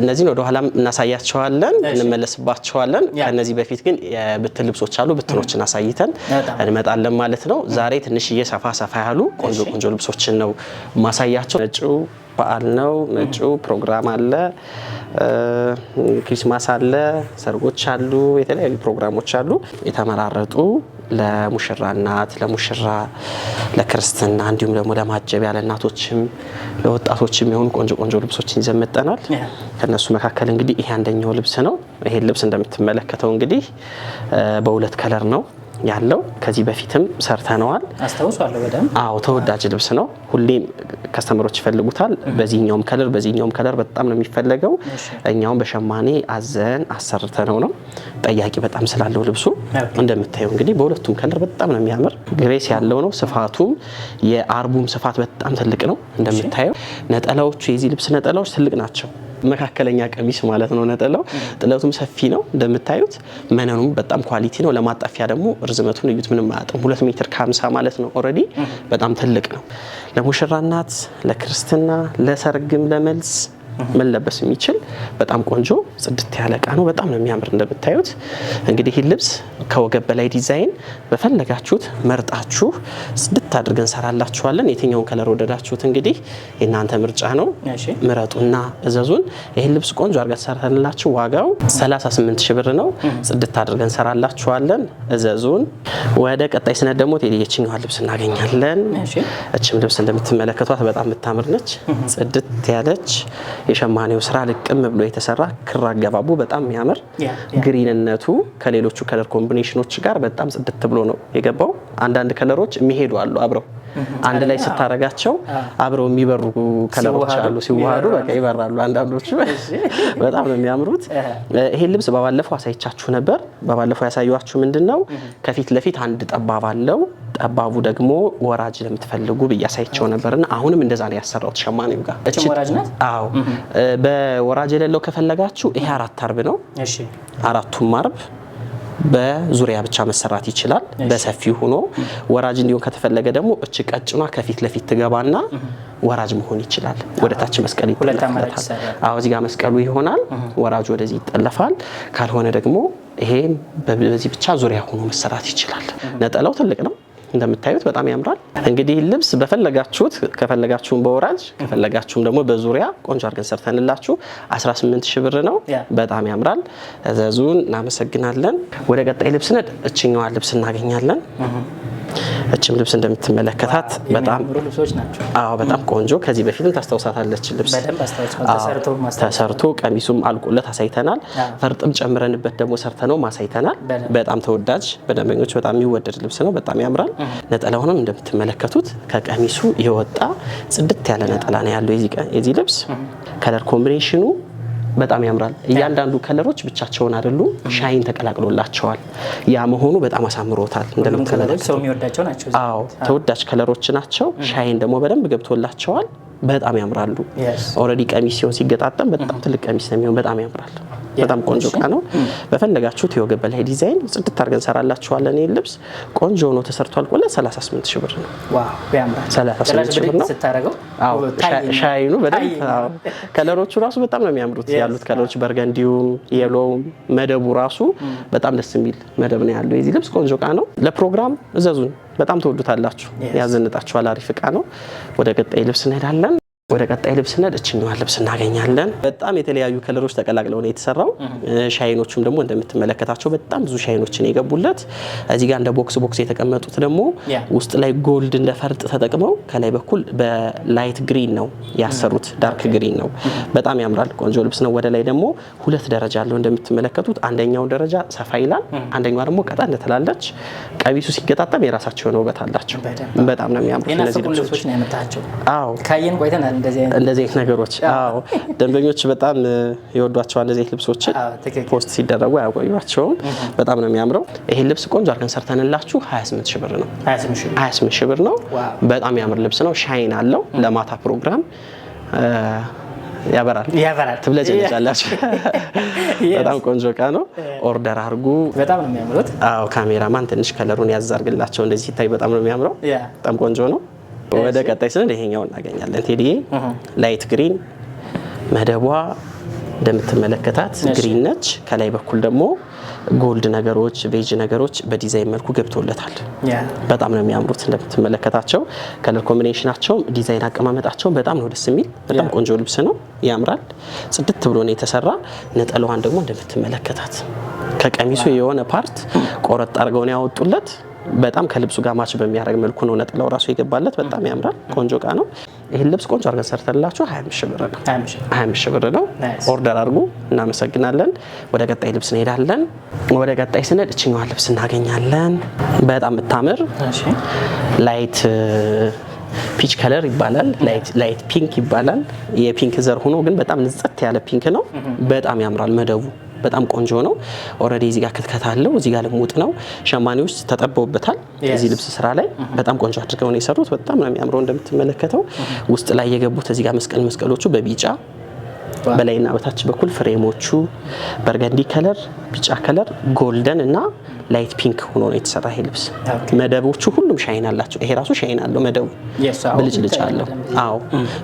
እነዚህን ወደ ኋላም እናሳያቸዋለን፣ እንመለስባቸዋለን። ከነዚህ በፊት ግን የብትን ልብሶች አሉ። ብትኖችን አሳይተን እንመጣለን ማለት ነው። ዛሬ ትንሽዬ ሰፋ ሰፋ ያሉ ቆንጆ ቆንጆ ልብሶችን ነው ማሳያቸው ነጩ በዓል ነው። መጪው ፕሮግራም አለ፣ ክሪስማስ አለ፣ ሰርጎች አሉ፣ የተለያዩ ፕሮግራሞች አሉ። የተመራረጡ ለሙሽራ እናት፣ ለሙሽራ፣ ለክርስትና እንዲሁም ደግሞ ለማጀቢያ ለእናቶችም ለወጣቶችም የሆኑ ቆንጆ ቆንጆ ልብሶችን ይዘን መጥተናል። ከእነሱ መካከል እንግዲህ ይሄ አንደኛው ልብስ ነው። ይሄን ልብስ እንደምትመለከተው እንግዲህ በሁለት ከለር ነው ያለው ከዚህ በፊትም ሰርተነዋል። አስታውሳለሁ በደንብ አዎ። ተወዳጅ ልብስ ነው። ሁሌም ከስተመሮች ይፈልጉታል። በዚህኛውም ከለር በዚህኛውም ከለር በጣም ነው የሚፈለገው። እኛውም በሸማኔ አዘን አሰርተነው ነው። ጠያቂ በጣም ስላለው ልብሱ እንደምታየው እንግዲህ በሁለቱም ከለር በጣም ነው የሚያምር። ግሬስ ያለው ነው። ስፋቱም የአርቡም ስፋት በጣም ትልቅ ነው እንደምታየው። ነጠላዎቹ የዚህ ልብስ ነጠላዎች ትልቅ ናቸው። መካከለኛ ቀሚስ ማለት ነው ነጠላው። ጥለቱም ሰፊ ነው እንደምታዩት፣ መነኑም በጣም ኳሊቲ ነው። ለማጣፊያ ደግሞ ርዝመቱን እዩት፣ ምንም አያጥም። ሁለት ሜትር ከ ማለት ነው። ኦልሬዲ በጣም ትልቅ ነው። ለሙሽራናት፣ ለክርስትና፣ ለሰርግም፣ ለመልስ መለበስ የሚችል በጣም ቆንጆ ጽድት ያለ እቃ ነው። በጣም ነው የሚያምር እንደምታዩት። እንግዲህ ይህ ልብስ ከወገብ በላይ ዲዛይን በፈለጋችሁት መርጣችሁ ጽድት አድርገን እንሰራላችኋለን። የትኛውን ከለር ወደዳችሁት እንግዲህ የእናንተ ምርጫ ነው። ምረጡና እዘዙን። ይህን ልብስ ቆንጆ አድርገን ሰራንላችሁ። ዋጋው 38 ሺ ብር ነው። ጽድት አድርገን እንሰራላችኋለን። እዘዙን። ወደ ቀጣይ ስነት ደግሞ የትኛዋን ልብስ እናገኛለን? እችም ልብስ እንደምትመለከቷት በጣም የምታምር ነች። ጽድት ያለች የሸማኔው ስራ ልቅም ብሎ የተሰራ ክር አገባቡ በጣም የሚያምር ግሪንነቱ ከሌሎቹ ከለር ኮምቢኔሽኖች ጋር በጣም ጽድት ብሎ ነው የገባው። አንዳንድ ከለሮች የሚሄዱ አሉ አብረው አንድ ላይ ስታረጋቸው አብረው የሚበሩ ከለሮች አሉ። ሲዋሃዱ በቃ ይበራሉ። አንዳንዶቹ በጣም ነው የሚያምሩት። ይሄን ልብስ በባለፈው አሳይቻችሁ ነበር። በባለፈው ያሳዩችሁ ምንድን ነው ከፊት ለፊት አንድ ጠባብ አለው። ጠባቡ ደግሞ ወራጅ ለምትፈልጉ ብዬ አሳይቸው ነበርና አሁንም እንደዛ ነው ያሰራሁት ሸማኔው ጋር። በወራጅ የሌለው ከፈለጋችሁ ይሄ አራት አርብ ነው። አራቱም አርብ በዙሪያ ብቻ መሰራት ይችላል። በሰፊ ሆኖ ወራጅ እንዲሆን ከተፈለገ ደግሞ እች ቀጭኗ ከፊት ለፊት ትገባና ወራጅ መሆን ይችላል። ወደ ታች መስቀል ይጠለፍለታል። አዎ እዚህ ጋር መስቀሉ ይሆናል፣ ወራጁ ወደዚህ ይጠለፋል። ካልሆነ ደግሞ ይሄ በዚህ ብቻ ዙሪያ ሆኖ መሰራት ይችላል። ነጠላው ትልቅ ነው። እንደምታዩት በጣም ያምራል። እንግዲህ ልብስ በፈለጋችሁት ከፈለጋችሁም በወራጅ ከፈለጋችሁም ደግሞ በዙሪያ ቆንጆ አድርገን ሰርተንላችሁ 18 ሺህ ብር ነው። በጣም ያምራል። እዘዙን። እናመሰግናለን። ወደ ቀጣይ ልብስ ነድ እችኛዋ ልብስ እናገኛለን። እችም ልብስ እንደምትመለከታት በጣም አዎ፣ በጣም ቆንጆ ከዚህ በፊትም ታስታውሳታለች። ልብስ ተሰርቶ ቀሚሱም አልቆለት አሳይተናል። ፈርጥም ጨምረንበት ደግሞ ሰርተነው አሳይተናል። በጣም ተወዳጅ፣ በደንበኞች በጣም የሚወደድ ልብስ ነው። በጣም ያምራል። ነጠላውንም እንደምትመለከቱት ከቀሚሱ የወጣ ጽድት ያለ ነጠላ ነው ያለው የዚህ ልብስ ከለር ኮምቢኔሽኑ በጣም ያምራል። እያንዳንዱ ከለሮች ብቻቸውን አይደሉም፣ ሻይን ተቀላቅሎላቸዋል። ያ መሆኑ በጣም አሳምሮታል። ሰው ተወዳጅ ከለሮች ናቸው። ሻይን ደግሞ በደንብ ገብቶላቸዋል። በጣም ያምራሉ። ኦልሬዲ ቀሚስ ሲሆን ሲገጣጠም በጣም ትልቅ ቀሚስ ነው የሚሆን። በጣም ያምራል። በጣም ቆንጆ እቃ ነው። በፈለጋችሁት የወገብ በላይ ዲዛይን ጽድት አድርገን እንሰራላችኋለን። ይህ ልብስ ቆንጆ ሆኖ ተሰርቷል። ቆለ 38 ሺህ ብር ነው። ሻይኑ በደንብ ከለሮቹ ራሱ በጣም ነው የሚያምሩት ያሉት ከለሮች፣ በርገንዲውም፣ የሎውም መደቡ ራሱ በጣም ደስ የሚል መደብ ነው ያለው የዚህ ልብስ። ቆንጆ እቃ ነው። ለፕሮግራም እዘዙን። በጣም ትወዱታላችሁ። ያዘንጣችኋል። አሪፍ እቃ ነው። ወደ ቀጣይ ልብስ እንሄዳለን። ወደ ቀጣይ ልብስ ነድ እችኛዋን ልብስ እናገኛለን። በጣም የተለያዩ ከለሮች ተቀላቅለው ነው የተሰራው። ሻይኖቹም ደግሞ እንደምትመለከታቸው በጣም ብዙ ሻይኖችን የገቡለት እዚህ ጋር እንደ ቦክስ ቦክስ የተቀመጡት ደግሞ ውስጥ ላይ ጎልድ እንደ ፈርጥ ተጠቅመው ከላይ በኩል በላይት ግሪን ነው ያሰሩት፣ ዳርክ ግሪን ነው። በጣም ያምራል፣ ቆንጆ ልብስ ነው። ወደ ላይ ደግሞ ሁለት ደረጃ አለው እንደምትመለከቱት። አንደኛው ደረጃ ሰፋ ይላል፣ አንደኛዋ ደግሞ ቀጣ ትላለች። ቀሚሱ ሲገጣጠም የራሳቸው የሆነ ውበት አላቸው። በጣም ነው የሚያምሩት እነዚህ ልብሶች። አዎ ካየን ቆይተናል። እንደዚህ አይነት ነገሮች አዎ፣ ደንበኞች በጣም ይወዷቸዋል። እንደዚህ ልብሶችን ፖስት ሲደረጉ አያቆዩቸውም። በጣም ነው የሚያምረው። ይሄ ልብስ ቆንጆ አድርገን ሰርተንላችሁ 28 ሺህ ብር ነው። 28 ሺህ ብር ነው። በጣም ያምር ልብስ ነው። ሻይን አለው። ለማታ ፕሮግራም ያበራል ያበራል። ትብለጭልጫላችሁ። በጣም ቆንጆ እቃ ነው። ኦርደር አድርጉ። በጣም ነው የሚያምሩት። አዎ ካሜራማን ትንሽ ከለሩን ያዛርግላቸው እንደዚህ ሲታይ በጣም ነው የሚያምረው። በጣም ቆንጆ ነው። ወደ ቀጣይ ስንል ይሄኛው እናገኛለን። ቴዲዬ ላይት ግሪን መደቧ እንደምትመለከታት ግሪን ነች። ከላይ በኩል ደግሞ ጎልድ ነገሮች፣ ቤጅ ነገሮች በዲዛይን መልኩ ገብቶለታል። በጣም ነው የሚያምሩት እንደምትመለከታቸው። ከለር ኮምቢኔሽናቸውም ዲዛይን አቀማመጣቸውም በጣም ነው ደስ የሚል። በጣም ቆንጆ ልብስ ነው፣ ያምራል። ጽድት ብሎ ነው የተሰራ። ነጠላዋን ደግሞ እንደምትመለከታት ከቀሚሱ የሆነ ፓርት ቆረጥ አድርገው ነው ያወጡለት። በጣም ከልብሱ ጋር ማች በሚያደርግ መልኩ ነው ነጥለው ራሱ የገባለት። በጣም ያምራል። ቆንጆ እቃ ነው። ይህን ልብስ ቆንጆ አድርገን ሰርተላችሁ ሀያ ሺህ ብር ነው። ኦርደር አድርጉ። እናመሰግናለን። ወደ ቀጣይ ልብስ እንሄዳለን። ወደ ቀጣይ ስንል እችኛዋን ልብስ እናገኛለን። በጣም የምታምር ላይት ፒች ከለር ይባላል። ላይት ፒንክ ይባላል። የፒንክ ዘር ሆኖ ግን በጣም ንጽት ያለ ፒንክ ነው። በጣም ያምራል መደቡ በጣም ቆንጆ ነው። ኦልሬዲ እዚህ ጋር ክትከት አለው። እዚህ ጋር ልሙጥ ነው። ውስጥ ተጠበውበታል። እዚህ ልብስ ስራ ላይ በጣም ቆንጆ አድርገው ነው የሰሩት። በጣም ነው የሚያምረው። እንደምትመለከተው ውስጥ ላይ የገቡት እዚህ ጋር መስቀል መስቀሎቹ በቢጫ በላይና በታች በኩል ፍሬሞቹ በርገንዲ ከለር ቢጫ ከለር ጎልደን እና ላይት ፒንክ ሆኖ ነው የተሰራ ይሄ ልብስ። መደቦቹ ሁሉም ሻይን አላቸው። ይሄ ራሱ ሻይን አለው መደቡ ብልጭልጭ አለው። አዎ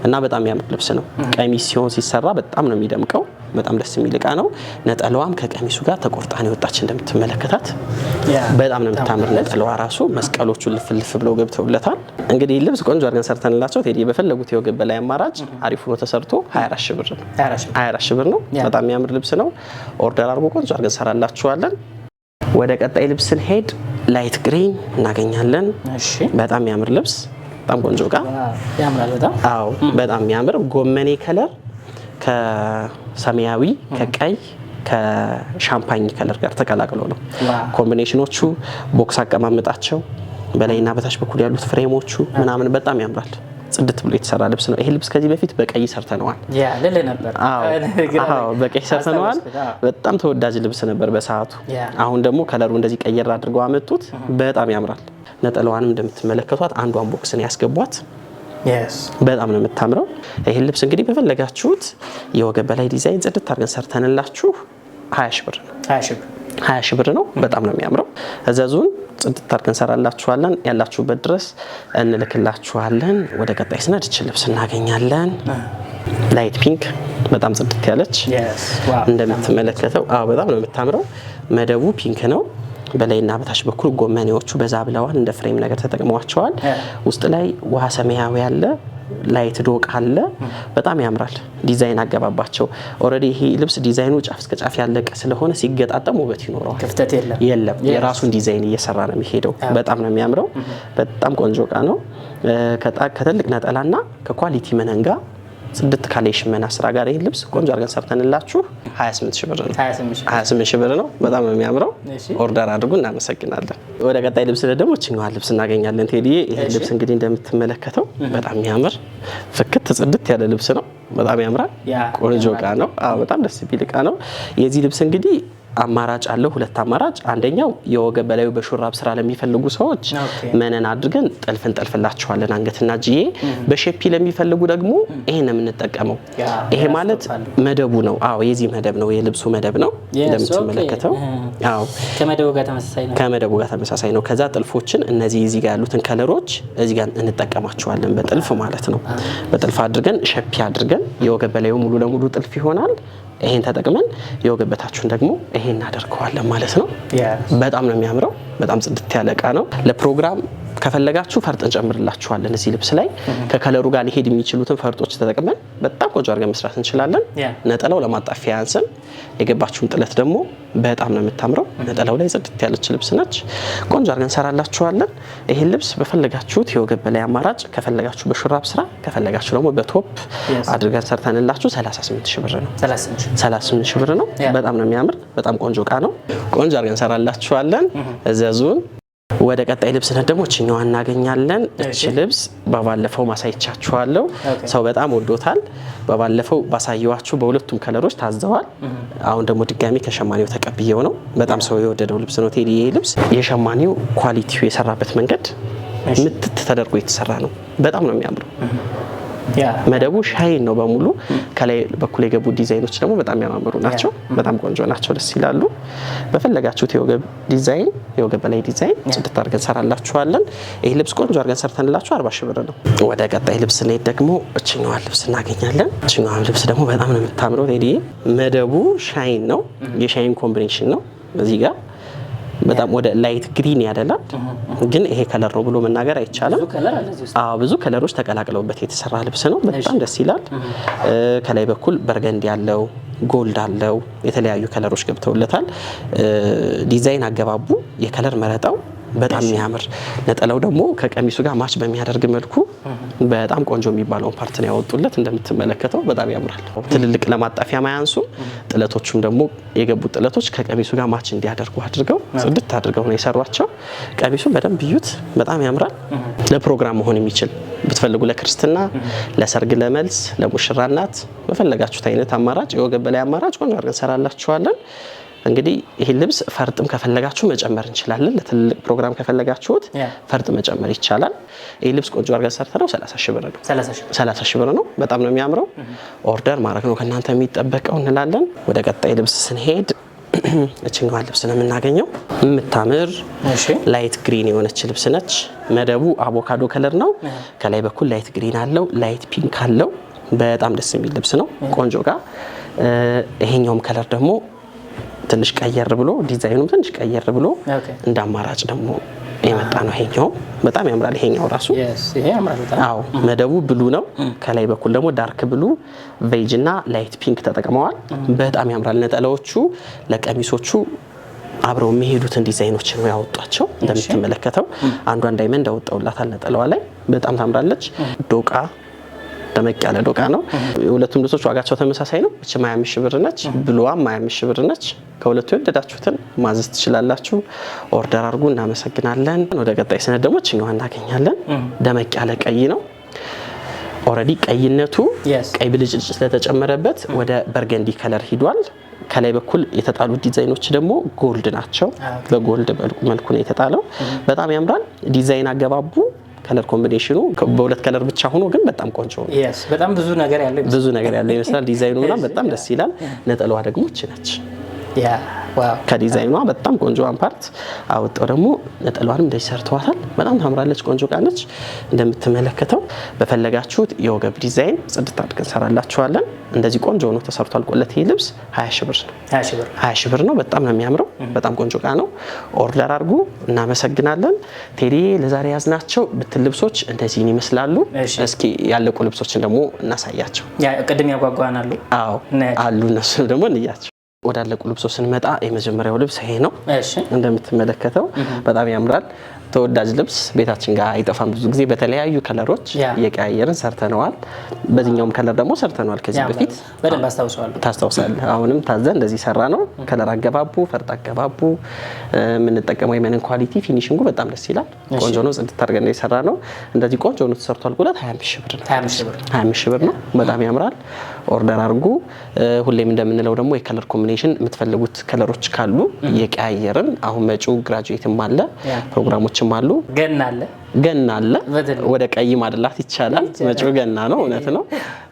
እና በጣም የሚያምር ልብስ ነው። ቀሚስ ሲሆን ሲሰራ በጣም ነው የሚደምቀው። በጣም ደስ የሚል እቃ ነው። ነጠላዋም ከቀሚሱ ጋር ተቆርጣን የወጣች እንደምትመለከታት በጣም ነው የምታምር ነጠላዋ ራሱ። መስቀሎቹ ልፍልፍ ብለው ገብተውለታል። እንግዲህ ልብስ ቆንጆ አድርገን ሰርተንላቸው ቴዲ በፈለጉት የወገብ በላይ አማራጭ አሪፍ ሆኖ ተሰርቶ 24 ሺህ ብር ነው። በጣም የሚያምር ልብስ ነው። ኦርደር አድርጎ ቆንጆ አድርገን እንሰራላችኋለን። ወደ ቀጣይ ልብስ ስንሄድ ላይት ግሪን እናገኛለን። በጣም የሚያምር ልብስ፣ በጣም ቆንጆ እቃ። አዎ በጣም የሚያምር ጎመኔ ከለር ከሰማያዊ ከቀይ ከሻምፓኝ ከለር ጋር ተቀላቅሎ ነው። ኮምቢኔሽኖቹ ቦክስ አቀማመጣቸው በላይና በታች በኩል ያሉት ፍሬሞቹ ምናምን በጣም ያምራል። ጽድት ብሎ የተሰራ ልብስ ነው። ይሄ ልብስ ከዚህ በፊት በቀይ ሰርተነዋል፣ በቀይ ሰርተነዋል። በጣም ተወዳጅ ልብስ ነበር በሰዓቱ። አሁን ደግሞ ከለሩ እንደዚህ ቀየር አድርገው አመጡት። በጣም ያምራል። ነጠላዋንም እንደምትመለከቷት አንዷን ቦክስን ያስገቧት። በጣም ነው የምታምረው። ይህን ልብስ እንግዲህ በፈለጋችሁት የወገብ በላይ ዲዛይን ጽድት አድርገን ሰርተንላችሁ ሀያ ሺህ ብር ነው። ሀያ ሺህ ብር ነው። በጣም ነው የሚያምረው። እዘዙን። ጽድት አድርገን እንሰራላችኋለን። ያላችሁበት ድረስ እንልክላችኋለን። ወደ ቀጣይ ስነድ ይችን ልብስ እናገኛለን። ላይት ፒንክ በጣም ጽድት ያለች እንደምትመለከተው፣ አዎ በጣም ነው የምታምረው። መደቡ ፒንክ ነው። በላይና በታች በኩል ጎመኔዎቹ በዛ ብለዋል። እንደ ፍሬም ነገር ተጠቅመዋቸዋል። ውስጥ ላይ ውሃ ሰማያዊ ያለ ላይት ዶቅ አለ። በጣም ያምራል ዲዛይን አገባባቸው። ኦልሬዲ ይሄ ልብስ ዲዛይኑ ጫፍ እስከ ጫፍ ያለቀ ስለሆነ ሲገጣጠም ውበት ይኖረዋል፣ ክፍተት የለም። የራሱን ዲዛይን እየሰራ ነው የሚሄደው። በጣም ነው የሚያምረው። mm-hmm. በጣም ቆንጆ እቃ ነው። ከትልቅ ነጠላና ከኳሊቲ መነንጋ ጽድት ካለ የሽመና ስራ ጋር ይህ ልብስ ቆንጆ አድርገን ሰርተንላችሁ 28 ሺህ ብር ነው። 28 ሺህ ብር ነው። በጣም ነው የሚያምረው። ኦርደር አድርጉ። እናመሰግናለን። ወደ ቀጣይ ልብስ ደግሞ ችኛዋን ልብስ እናገኛለን። ቴዲዬ ይህ ልብስ እንግዲህ እንደምትመለከተው በጣም የሚያምር ፍክት ጽድት ያለ ልብስ ነው። በጣም ያምራል። ቆንጆ እቃ ነው። በጣም ደስ የሚል እቃ ነው። የዚህ ልብስ እንግዲህ አማራጭ አለው። ሁለት አማራጭ፣ አንደኛው የወገብ በላዩ በሹራብ ስራ ለሚፈልጉ ሰዎች መነን አድርገን ጠልፍ እንጠልፍላቸዋለን አንገትና እጅዬ። በሼፒ ለሚፈልጉ ደግሞ ይሄ ነው የምንጠቀመው። ይሄ ማለት መደቡ ነው። አዎ የዚህ መደብ ነው፣ የልብሱ መደብ ነው እንደምትመለከተው። አዎ ከመደቡ ጋር ተመሳሳይ ነው። ከዛ ጥልፎችን እነዚህ እዚህ ጋር ያሉትን ከለሮች እዚህ ጋር እንጠቀማቸዋለን በጥልፍ ማለት ነው። በጥልፍ አድርገን ሸፒ አድርገን የወገብ በላዩ ሙሉ ለሙሉ ጥልፍ ይሆናል። ይሄን ተጠቅመን የወገብ በታችሁን ደግሞ ይሄን እናደርገዋለን ማለት ነው። በጣም ነው የሚያምረው። በጣም ጽድት ያለ እቃ ነው ለፕሮግራም ከፈለጋችሁ ፈርጥ እንጨምርላችኋለን እዚህ ልብስ ላይ ከከለሩ ጋር ሊሄድ የሚችሉትን ፈርጦች ተጠቅመን በጣም ቆንጆ አድርገን መስራት እንችላለን። ነጠላው ለማጣፊያ ያንስን። የገባችሁን ጥለት ደግሞ በጣም ነው የምታምረው። ነጠላው ላይ ጽድት ያለች ልብስ ነች። ቆንጆ አድርገን እንሰራላችኋለን። ይህን ልብስ በፈለጋችሁት የወገብ በላይ አማራጭ፣ ከፈለጋችሁ በሹራብ ስራ፣ ከፈለጋችሁ ደግሞ በቶፕ አድርገን ሰርተንላችሁ 38 ሺህ ብር ነው። 38 ብር ነው። በጣም ነው የሚያምር። በጣም ቆንጆ እቃ ነው። ቆንጆ አድርገን እንሰራላችኋለን። እዘዙን። ወደ ቀጣይ ልብስ ነት ደግሞ እችኛዋ እናገኛለን። እች ልብስ በባለፈው ማሳይቻችኋለሁ፣ ሰው በጣም ወዶታል። በባለፈው ባሳየዋችሁ በሁለቱም ከለሮች ታዘዋል። አሁን ደግሞ ድጋሚ ከሸማኔው ተቀብየው ነው። በጣም ሰው የወደደው ልብስ ነው ቴዲ። ይሄ ልብስ የሸማኔው ኳሊቲው የሰራበት መንገድ ምትት ተደርጎ የተሰራ ነው። በጣም ነው የሚያምረው። መደቡ ሻይን ነው በሙሉ። ከላይ በኩል የገቡ ዲዛይኖች ደግሞ በጣም ያማምሩ ናቸው። በጣም ቆንጆ ናቸው፣ ደስ ይላሉ። በፈለጋችሁት የወገብ ዲዛይን የወገብ በላይ ዲዛይን ጽድት አድርገን ሰራላችኋለን። ይህ ልብስ ቆንጆ አድርገን ሰርተንላችሁ አርባ ሺ ብር ነው። ወደ ቀጣይ ልብስ ስንሄድ ደግሞ እችኛዋን ልብስ እናገኛለን። እችኛዋን ልብስ ደግሞ በጣም ነው የምታምረው ቴዲዬ። መደቡ ሻይን ነው፣ የሻይን ኮምቢኔሽን ነው እዚህ ጋር በጣም ወደ ላይት ግሪን ያደላል፣ ግን ይሄ ከለር ነው ብሎ መናገር አይቻልም። ብዙ ከለሮች ተቀላቅለውበት የተሰራ ልብስ ነው። በጣም ደስ ይላል። ከላይ በኩል በርገንድ ያለው ጎልድ አለው፣ የተለያዩ ከለሮች ገብተውለታል። ዲዛይን አገባቡ፣ የከለር መረጠው። በጣም የሚያምር ነጠላው ደግሞ ከቀሚሱ ጋር ማች በሚያደርግ መልኩ በጣም ቆንጆ የሚባለውን ፓርት ነው ያወጡለት። እንደምትመለከተው በጣም ያምራል። ትልልቅ ለማጣፊያ ማያንሱም ጥለቶቹም ደግሞ የገቡት ጥለቶች ከቀሚሱ ጋር ማች እንዲያደርጉ አድርገው ጽድት አድርገው ነው የሰሯቸው። ቀሚሱ በደንብ እዩት፣ በጣም ያምራል። ለፕሮግራም መሆን የሚችል ብትፈልጉ፣ ለክርስትና፣ ለሰርግ፣ ለመልስ፣ ለሙሽራናት በፈለጋችሁት አይነት አማራጭ የወገብ በላይ አማራጭ ቆንጆ አድርገን እንሰራላችኋለን። እንግዲህ ይህ ልብስ ፈርጥም ከፈለጋችሁ መጨመር እንችላለን። ለትልቅ ፕሮግራም ከፈለጋችሁት ፈርጥ መጨመር ይቻላል። ይህ ልብስ ቆንጆ አድርገን ሰርተነው 30 ሺህ ብር ነው። 30 ሺህ ብር ነው። በጣም ነው የሚያምረው። ኦርደር ማድረግ ነው ከእናንተ የሚጠበቀው እንላለን። ወደ ቀጣይ ልብስ ስንሄድ እችኛዋን ልብስ ነው የምናገኘው። የምታምር ላይት ግሪን የሆነች ልብስ ነች። መደቡ አቮካዶ ከለር ነው። ከላይ በኩል ላይት ግሪን አለው፣ ላይት ፒንክ አለው። በጣም ደስ የሚል ልብስ ነው። ቆንጆ ጋር ይሄኛውም ከለር ደግሞ ትንሽ ቀየር ብሎ ዲዛይኑም ትንሽ ቀየር ብሎ እንደ አማራጭ ደግሞ የመጣ ነው። ይሄኛውም በጣም ያምራል። ይሄኛው ራሱ አዎ፣ መደቡ ብሉ ነው። ከላይ በኩል ደግሞ ዳርክ ብሉ፣ ቬጅ እና ላይት ፒንክ ተጠቅመዋል። በጣም ያምራል። ነጠላዎቹ ለቀሚሶቹ አብረው የሚሄዱትን ዲዛይኖች ነው ያወጧቸው። እንደምትመለከተው አንዷን ዳይመንድ ያወጣውላታል ነጠላዋ ላይ በጣም ታምራለች። ዶቃ ደመቅ ያለ ዶቃ ነው። ሁለቱም ልብሶች ዋጋቸው ተመሳሳይ ነው። እች ሀያ ሺህ ብር ነች፣ ብሉዋ ሀያ ሺህ ብር ነች። ከሁለቱ የወደዳችሁትን ማዘዝ ትችላላችሁ። ኦርደር አድርጉ። እናመሰግናለን። ወደ ቀጣይ ስነት ደግሞ ችኛዋ እናገኛለን። ደመቅ ያለ ቀይ ነው። ኦልሬዲ ቀይነቱ ቀይ ብልጭልጭ ስለተጨመረበት ወደ በርገንዲ ከለር ሂዷል። ከላይ በኩል የተጣሉ ዲዛይኖች ደግሞ ጎልድ ናቸው። ah, በጎልድ መልኩ ነው የተጣለው። በጣም ያምራል ዲዛይን አገባቡ ከለር ኮምቢኔሽኑ በሁለት ከለር ብቻ ሆኖ ግን በጣም ቆንጆ ነው። በጣም ብዙ ነገር ያለው ይመስላል። ዲዛይኑ በጣም ደስ ይላል። ነጠላዋ ደግሞ እች ነች። ከዲዛይኗ በጣም ቆንጆዋን ፓርት አውጠው ደግሞ ነጠሏንም እንደዚህ ሰርተዋታል። በጣም ታምራለች። ቆንጆ እቃ ነች። እንደምትመለከተው በፈለጋችሁት የወገብ ዲዛይን ጽድት አድርገን እንሰራላችኋለን። እንደዚህ ቆንጆ ሆኖ ተሰርቷል። ቆለት ይህ ልብስ ሀያ ሺህ ብር ነው። ሀያ ብር ነው። በጣም ነው የሚያምረው። በጣም ቆንጆ እቃ ነው። ኦርደር አድርጉ። እናመሰግናለን። ቴዲ ለዛሬ ያዝናቸው ብትል ልብሶች እንደዚህን ይመስላሉ። እስኪ ያለቁ ልብሶችን ደግሞ እናሳያቸው። ቅድም ያጓጓናሉ አሉ። እነሱ ደግሞ እንያቸው ወዳለቁ ልብሶች ስንመጣ የመጀመሪያው ልብስ ይሄ ነው። እንደምትመለከተው በጣም ያምራል። ተወዳጅ ልብስ ቤታችን ጋር አይጠፋም። ብዙ ጊዜ በተለያዩ ከለሮች እየቀያየርን ሰርተነዋል። በዚህኛውም ከለር ደግሞ ሰርተነዋል ከዚህ በፊት በደንብ ታስታውሳለህ። አሁንም ታዘ እንደዚህ ሰራ ነው። ከለር አገባቡ፣ ፈርጥ አገባቡ፣ የምንጠቀመው የመንን ኳሊቲ፣ ፊኒሽንጉ በጣም ደስ ይላል። ቆንጆ ነው። ጽድት አድርገን የሰራ ነው። እንደዚህ ቆንጆ ነው ተሰርቷል። ጉለት 25 ሺህ ብር ነው። 25 ሺህ ብር ነው። በጣም ያምራል። ኦርደር አድርጉ። ሁሌም እንደምንለው ደግሞ የከለር ኮምቢኔሽን የምትፈልጉት ከለሮች ካሉ እየቀያየርን አሁን መጪው ግራጁዌትም አለ ፕሮግራሞች ነገሮችም አሉ። ገና አለ ገና አለ። ወደ ቀይ ማድላት ይቻላል። መጪው ገና ነው፣ እውነት ነው።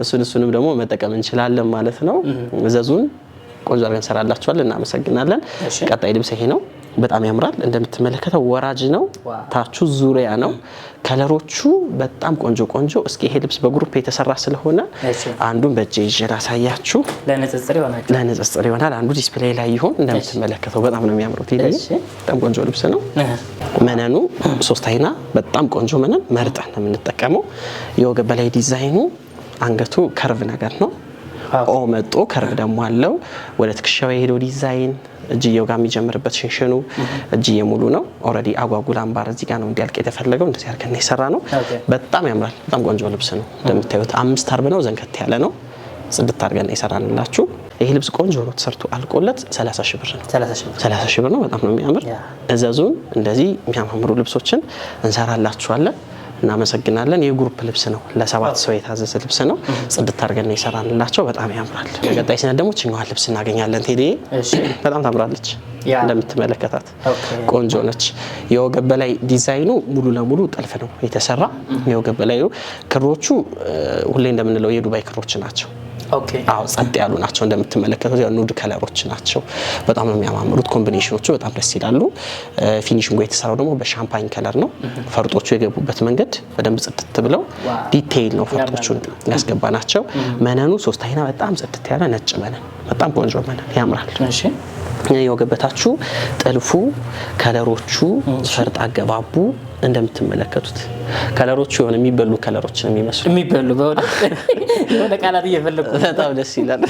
እሱን እሱንም ደግሞ መጠቀም እንችላለን ማለት ነው። ዘዙን ቆንጆ አድርገን እንሰራላችኋለን። እናመሰግናለን። ቀጣይ ልብስ ይሄ ነው። በጣም ያምራል። እንደምትመለከተው ወራጅ ነው፣ ታቹ ዙሪያ ነው። ከለሮቹ በጣም ቆንጆ ቆንጆ። እስኪ ይሄ ልብስ በግሩፕ የተሰራ ስለሆነ አንዱን በእጄ ይዤ ላሳያችሁ፣ ለንጽጽር ይሆናል። አንዱ ዲስፕሌይ ላይ ይሆን። እንደምትመለከተው በጣም ነው የሚያምሩት። በጣም ቆንጆ ልብስ ነው። መነኑ ሶስት አይና በጣም ቆንጆ መነን መርጠን ነው የምንጠቀመው። የወገብ በላይ ዲዛይኑ አንገቱ ከርቭ ነገር ነው ኦ መጦ ደግሞ አለው። ወደ ትከሻው የሄደው ዲዛይን እጅየው ጋር የሚጀምርበት ሽንሽኑ እጅዬ ሙሉ ነው። ኦልሬዲ አጓጉል አምባር እዚህ ጋር ነው እንዲያልቅ የተፈለገው። እንደዚህ አድርገን የሰራ ነው። በጣም ያምራል። በጣም ቆንጆ ልብስ ነው። እንደምታዩት አምስት አርብ ነው። ዘንከት ያለ ነው። ጽድት አድርገን የሰራንላችሁ ይህ ልብስ ቆንጆ ነው ተሰርቶ አልቆለት 30 ሺህ ብር ነው። 30 ሺህ ብር ነው። በጣም ነው የሚያምር። እዘዙን። እንደዚህ የሚያማምሩ ልብሶችን እንሰራላችኋለን። እናመሰግናለን። የጉሩፕ ልብስ ነው፣ ለሰባት ሰው የታዘዘ ልብስ ነው። ጽድት አድርገን የሰራንላቸው። በጣም ያምራል። በቀጣይ ስነት ደግሞ ችኛዋን ልብስ እናገኛለን። ቴዲ በጣም ታምራለች። እንደምትመለከታት ቆንጆ ነች። የወገብ በላይ ዲዛይኑ ሙሉ ለሙሉ ጥልፍ ነው የተሰራ። የወገብ በላይ ክሮቹ ሁሌ እንደምንለው የዱባይ ክሮች ናቸው። አዎ ጸጥ ያሉ ናቸው። እንደምትመለከቱት ኑድ ከለሮች ናቸው። በጣም ነው የሚያማምሩት። ኮምቢኔሽኖቹ በጣም ደስ ይላሉ። ፊኒሽንጉ የተሰራው ደግሞ በሻምፓኝ ከለር ነው። ፈርጦቹ የገቡበት መንገድ በደንብ ጽድት ብለው ዲቴይል ነው ፈርጦቹን ያስገባ ናቸው። መነኑ ሶስት አይና በጣም ጽድት ያለ ነጭ መነን፣ በጣም ቆንጆ መነን ያምራል። የወገበታችሁ ጥልፉ፣ ከለሮቹ፣ ፈርጥ አገባቡ እንደምትመለከቱት ከለሮቹ የሆነ የሚበሉ ከለሮች ነው የሚመስሉ የሚበሉ የሆነ ቃላት እየፈለጉ በጣም ደስ ይላል።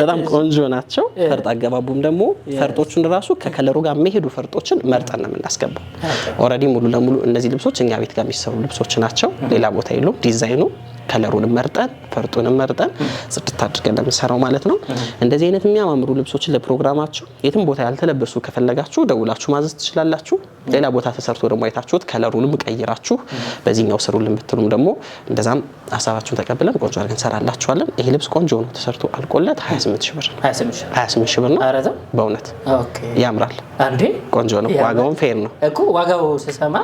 በጣም ቆንጆ ናቸው። ፈርጥ አገባቡም ደግሞ ፈርጦቹን ራሱ ከከለሩ ጋር የሚሄዱ ፈርጦችን መርጠን ነው የምናስገባው። ኦልሬዲ ሙሉ ለሙሉ እነዚህ ልብሶች እኛ ቤት ጋር የሚሰሩ ልብሶች ናቸው። ሌላ ቦታ የሉም። ዲዛይኑ ከለሩንም መርጠን ፈርጡንም መርጠን ጽድት አድርገን ለምንሰራው ማለት ነው። እንደዚህ አይነት የሚያማምሩ ልብሶችን ለፕሮግራማችሁ የትም ቦታ ያልተለበሱ ከፈለጋችሁ ደውላችሁ ማዘዝ ትችላላችሁ። ሌላ ቦታ ተሰርቶ ደግሞ አይታችሁት ከለሩንም ቀይራችሁ በዚህኛው ስሩልን ብትሉም ደግሞ እንደዛም ሀሳባችሁን ተቀብለን ቆንጆ አድርገን እንሰራላችኋለን። ይሄ ልብስ ቆንጆ ነው ተሰርቶ አልቆለት 28 ሺህ ብር 28 ሺህ ብር ነው። በእውነት ያምራል። ቆንጆ ነው። ዋጋውን ፌር ነው እኮ ዋጋው ስሰማ፣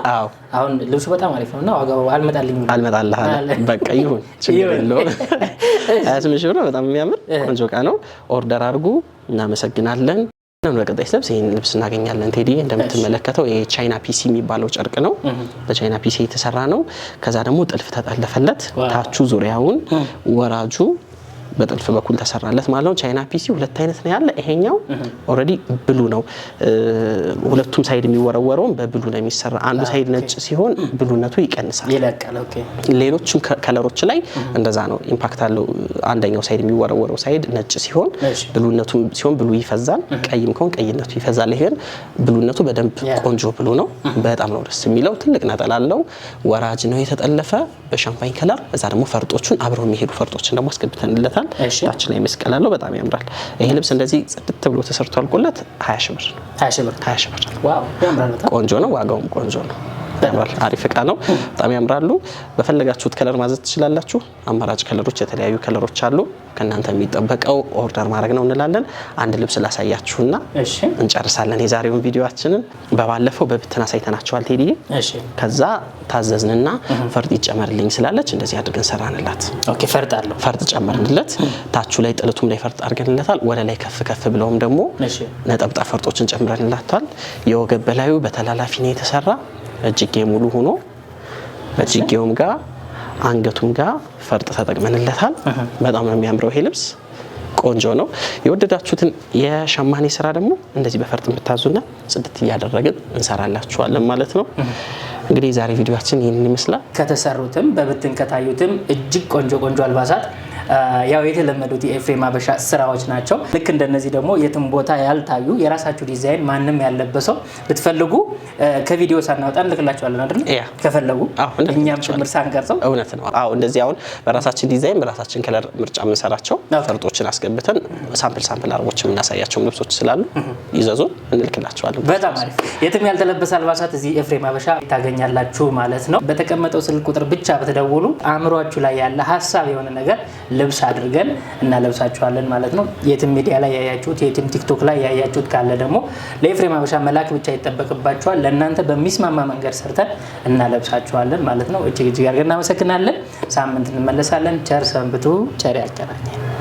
አሁን ልብሱ በጣም አሪፍ ነው እና ዋጋው አልመጣልኝም አልመጣልህ አለ። በቃ ይሁን ችግር የለውም። 28 ሺህ ብር በጣም የሚያምር ቆንጆ እቃ ነው። ኦርደር አድርጉ። እናመሰግናለን። በቀጣይ ስለብስ ይህን ልብስ እናገኛለን። ቴዲ እንደምትመለከተው የቻይና ፒሲ የሚባለው ጨርቅ ነው። በቻይና ፒሲ የተሰራ ነው። ከዛ ደግሞ ጥልፍ ተጠለፈለት ታቹ ዙሪያውን ወራጁ በጥልፍ በኩል ተሰራለት ማለት ነው። ቻይና ፒሲ ሁለት አይነት ነው ያለ። ይሄኛው ኦልሬዲ ብሉ ነው። ሁለቱም ሳይድ የሚወረወረውም በብሉ ነው የሚሰራ። አንዱ ሳይድ ነጭ ሲሆን ብሉነቱ ይቀንሳል። ሌሎችም ከለሮች ላይ እንደዛ ነው ኢምፓክት አለው። አንደኛው ሳይድ የሚወረወረው ሳይድ ነጭ ሲሆን ብሉነቱ ሲሆን ብሉ ይፈዛል። ቀይም ከሆን ቀይነቱ ይፈዛል። ይሄን ብሉነቱ በደንብ ቆንጆ ብሉ ነው። በጣም ነው ደስ የሚለው። ትልቅ ነጠላ አለው። ወራጅ ነው የተጠለፈ በሻምፓኝ ከለር። እዛ ደግሞ ፈርጦቹን አብረው የሚሄዱ ፈርጦችን ደግሞ አስገብተንለታል። ይላል። ታች ላይ መስቀል አለው። በጣም ያምራል። ይሄ ልብስ እንደዚህ ጽድት ብሎ ተሰርቶ አልቆለት 20 ሺህ ብር ቆንጆ ነው። ዋጋውም ቆንጆ ነው። ያምራል። አሪፍ እቃ ነው። በጣም ያምራሉ። በፈለጋችሁት ከለር ማዘዝ ትችላላችሁ። አማራጭ ከለሮች፣ የተለያዩ ከለሮች አሉ። ከእናንተ የሚጠበቀው ኦርደር ማድረግ ነው እንላለን። አንድ ልብስ ላሳያችሁና እንጨርሳለን የዛሬውን ቪዲዮችንን። በባለፈው በብትን አሳይተናቸዋል ቴዲ። ከዛ ታዘዝንና ፈርጥ ይጨመርልኝ ስላለች እንደዚህ አድርገን ሰራንላት። ፈርጥ አለው ፈርጥ ጨመርንለት። ታቹ ላይ ጥለቱም ላይ ፈርጥ አድርገንለታል። ወደ ላይ ከፍ ከፍ ብለውም ደግሞ ነጠብጣብ ፈርጦችን ጨምረንላቷል የወገብ በላዩ በተላላፊ ነው የተሰራ እጅጌ ሙሉ ሆኖ እጅጌውም ጋር አንገቱም ጋር ፈርጥ ተጠቅመንለታል። በጣም ነው የሚያምረው ይሄ ልብስ ቆንጆ ነው። የወደዳችሁትን የሸማኔ ስራ ደግሞ እንደዚህ በፈርጥ የምታዙና ጽድት እያደረግን እንሰራላችኋለን ማለት ነው። እንግዲህ የዛሬ ቪዲዮችን ይህንን ይመስላል። ከተሰሩትም በብትን ከታዩትም እጅግ ቆንጆ ቆንጆ አልባሳት ያው የተለመዱት የኤፍሬም አበሻ ስራዎች ናቸው። ልክ እንደነዚህ ደግሞ የትም ቦታ ያልታዩ የራሳችሁ ዲዛይን ማንም ያለበሰው ብትፈልጉ ከቪዲዮ ሳናወጣ እንልክላቸዋለን አይደል? ከፈለጉ እኛም ጭምር ሳንቀርጸው እውነት ነው። አዎ እንደዚህ አሁን በራሳችን ዲዛይን በራሳችን ከለር ምርጫ የምንሰራቸው ፈርጦችን አስገብተን ሳምፕል ሳምፕል አርቦች የምናሳያቸው ልብሶች ስላሉ ይዘዙን እንልክላቸዋለን። በጣም አሪፍ። የትም ያልተለበሰ አልባሳት እዚህ ኤፍሬም አበሻ ታገኛላችሁ ማለት ነው። በተቀመጠው ስልክ ቁጥር ብቻ በተደወሉ አእምሯችሁ ላይ ያለ ሀሳብ የሆነ ነገር ልብስ አድርገን እናለብሳችኋለን ማለት ነው። የትም ሚዲያ ላይ ያያችሁት፣ የትም ቲክቶክ ላይ ያያችሁት ካለ ደግሞ ለኤፍሬም ሀበሻ መላክ ብቻ ይጠበቅባችኋል። ለእናንተ በሚስማማ መንገድ ሰርተን እናለብሳችኋለን ማለት ነው። እጅግ እጅግ አድርገን እናመሰግናለን። ሳምንት እንመለሳለን። ቸር ሰንብቱ። ቸር ያገናኘን።